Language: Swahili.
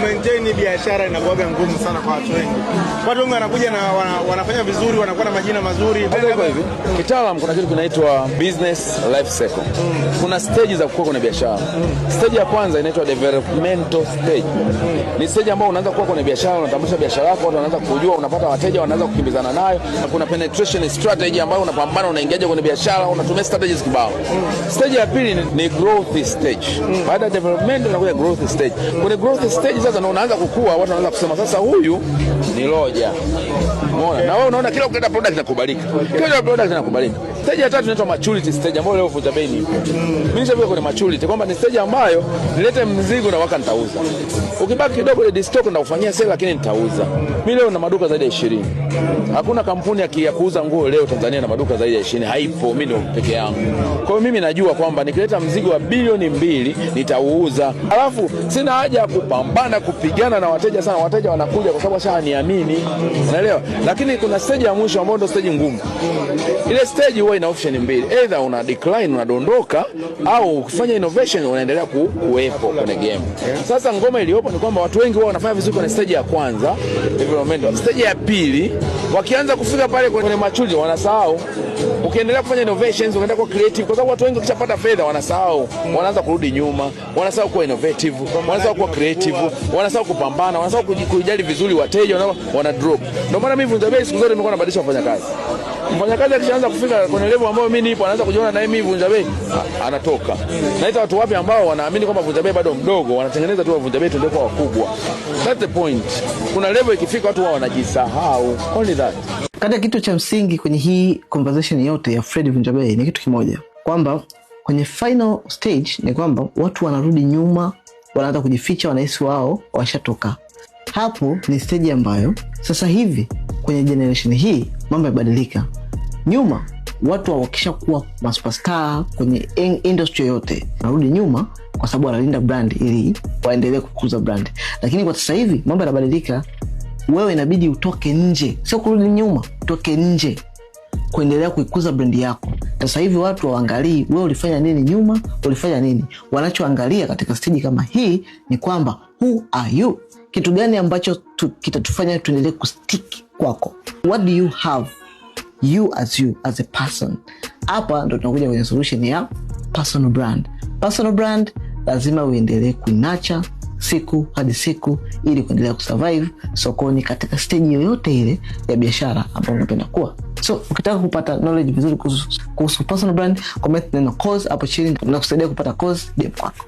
kumaintain biashara inakuwaga ngumu sana kwa watu wengi. Watu wengi wanakuja na wana, wanafanya vizuri, wanakuwa na majina mazuri. Kwa hivi kitaalam kuna kitu kinaitwa business life cycle. Kuna stage za kukua kwenye biashara. Stage ya kwanza inaitwa developmental stage. Ni stage ambayo unaanza kukua kwenye biashara, unatambulisha biashara yako, watu wanaanza kujua, unapata wateja, wanaanza kukimbizana nayo. na Kuna penetration strategy ambayo unapambana, unaingiaje kwenye biashara, unatumia strategies kibao. Stage ya pili ni growth stage. Baada ya development unakuja growth stage. Kwenye growth stage sasa ndio unaanza kukua, watu wanaanza kusema sasa huyu ni loja umeona? Na wewe unaona kila ukienda product inakubalika, kila product inakubalika. Stage ya tatu inaitwa maturity stage ambayo leo Vunja Bei nipo. Mimi nishavika kwenye maturity kwamba ni stage ambayo nilete mzigo na waka nitauza. Ukibaki kidogo ile stock na nitaufanyia sale lakini nitauza. Mimi leo na maduka zaidi ya 20. Hakuna kampuni ya kuuza nguo leo Tanzania na maduka zaidi ya 20 haipo, mimi ndio peke yangu. Kwa hiyo mimi najua kwamba nikileta mzigo wa bilioni mbili nitauuza. Alafu sina haja ya kupambana kupigana na wateja sana. Wateja wanakuja kwa sababu shaniamini. Unaelewa? Lakini kuna stage ya mwisho ambayo ndio stage ngumu. Ile stage huwa ina option mbili, either una decline unadondoka, au ukifanya innovation unaendelea kuwepo kwenye game. Sasa ngoma iliyopo ni kwamba watu wengi wao wanafanya vizuri kwenye stage ya kwanza development, stage ya pili wakianza kufika pale kwenye maturity wanasahau. Ukiendelea kufanya innovations, unaenda kwa creative, kwa sababu watu wengi wakishapata fedha wanasahau, wanaanza kurudi nyuma, wanasahau kuwa innovative, wanasahau kuwa creative, wanasahau kupambana, wanasahau kujali vizuri wateja, wana drop. Ndio maana mimi vunja siku zote nimekuwa nabadilisha wafanyakazi, mfanyakazi akishaanza kufika kuna level ambayo mimi nipo, anaanza kujiona na mimi Vunja Bei anatoka. Naita watu wapi ambao wanaamini kwamba Vunja Bei bado mdogo, wanatengeneza tu Vunja Bei tuende kwa wakubwa. That's the point. Kuna level ikifika watu wao wanajisahau. Only that. Kati ya kitu cha msingi kwenye hii conversation yote ya Fred Vunja Bei ni kitu kimoja kwamba kwenye final stage ni kwamba watu wanarudi nyuma, wanaanza kujificha, wanahisi wao washatoka. Hapo ni stage ambayo sasa hivi kwenye generation hii mambo yabadilika nyuma watu wakisha kuwa masupastar kwenye industry yoyote narudi nyuma, kwa sababu wanalinda brand ili waendelee kukuza brand. Lakini kwa sasa hivi mambo yanabadilika, wewe inabidi utoke nje, sio kurudi nyuma, utoke nje kuendelea kuikuza brendi yako. Sasa hivi watu hawaangalii wewe ulifanya nini nyuma, ulifanya nini. Wanachoangalia katika steji kama hii ni kwamba who are you, kitu gani ambacho tu, kitatufanya tuendelee kustiki kwako, what do you have you as you as a person. Hapa ndo tunakuja kwenye solution ya personal brand. Personal brand lazima uendelee kuinacha siku hadi siku ili kuendelea kusurvive sokoni katika stage yoyote ile ya biashara ambayo unapenda kuwa. So ukitaka kupata knowledge vizuri kuhusu personal brand, comment neno course hapo chini, nakusaidia kupata course DM kwako.